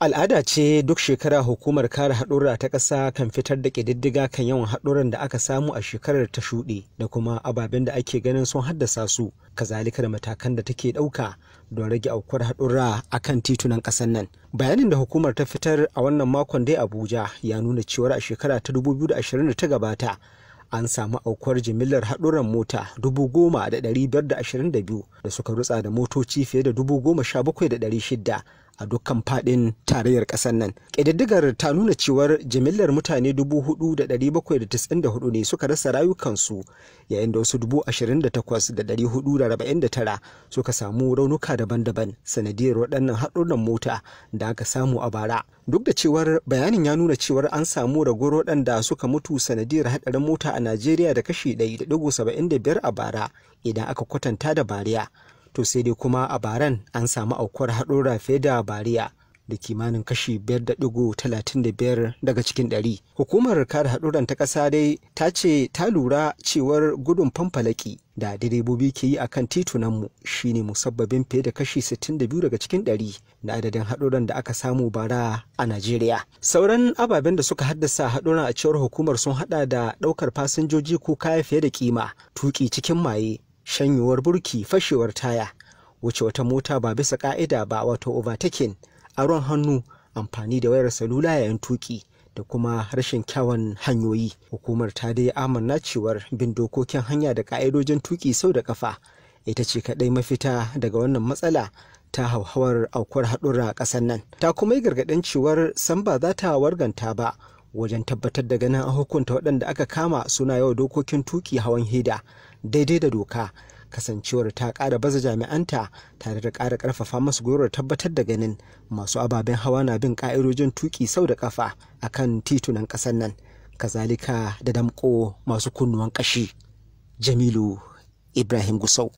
Al'ada ce duk shekara hukumar kare haɗura ta ƙasa kan fitar da ƙididdiga kan yawan haɗuran da aka samu a shekarar ta shuɗe da kuma ababen da ake ganin sun haddasa su, kazalika da matakan da take ɗauka don rage aukuwar haɗura a kan titunan ƙasar nan. Bayanin da hukumar ta fitar a wannan makon dai Abuja ya nuna cewar a shekara ta 2020 ta gabata an samu aukuwar jimillar haɗuran mota 10,522 da suka rutsa da motoci fiye da sha shida a dukkan fadin tarayyar ƙasar nan. Ƙididdigar ta nuna cewar jimillar mutane 4,794 ne suka rasa rayukansu yayin da wasu 28,449 suka samu raunuka daban-daban sanadiyar waɗannan haɗurran mota da aka samu a bara. Duk da cewar bayanin ya nuna cewar an samu ragowar waɗanda suka mutu sanadiyar haɗarin mota a Najeriya da kashi 1.75 a bara idan aka kwatanta da bariya. to sai dai kuma a baran an samu aukuwar haɗura fiye da bariya da kimanin kashi 5.35 daga cikin ɗari. Hukumar kare haɗuran ta ƙasa dai ta ce ta lura cewar gudun fanfalaki da direbobi ke yi a akan titunanmu ne musabbabin fiye da kashi 62 daga cikin ɗari na adadin haɗuran da aka samu bara a Najeriya. Sauran ababen da suka haddasa haɗuran a cewar hukumar sun haɗa da ɗaukar fasinjoji ko kaya fiye da kima, tuki cikin maye, shanyewar burki fashewar taya wuce wata mota ba bisa ka'ida ba wato overtaking aron hannu amfani da wayar salula yayin tuki da kuma rashin kyawun hanyoyi hukumar ta dai amanna cewar bin dokokin hanya da ka'idojin tuki sau da kafa ita ce kaɗai mafita daga wannan matsala ta hauhawar aukuwar haɗura a ƙasar nan ta kuma yi gargaɗin cewar san ba za ta warganta ba wajen tabbatar da ganin an hukunta waɗanda aka kama suna yau dokokin tuki hawan heda. daidai da doka kasancewar ta kara baza jami'anta tare da kara karfafa masu gwiwar tabbatar da ganin masu ababen hawa na bin ƙa'idojin tuki sau da kafa a kan titunan ƙasar nan kazalika da damƙo masu kunnuwan ƙashi jamilu ibrahim gusau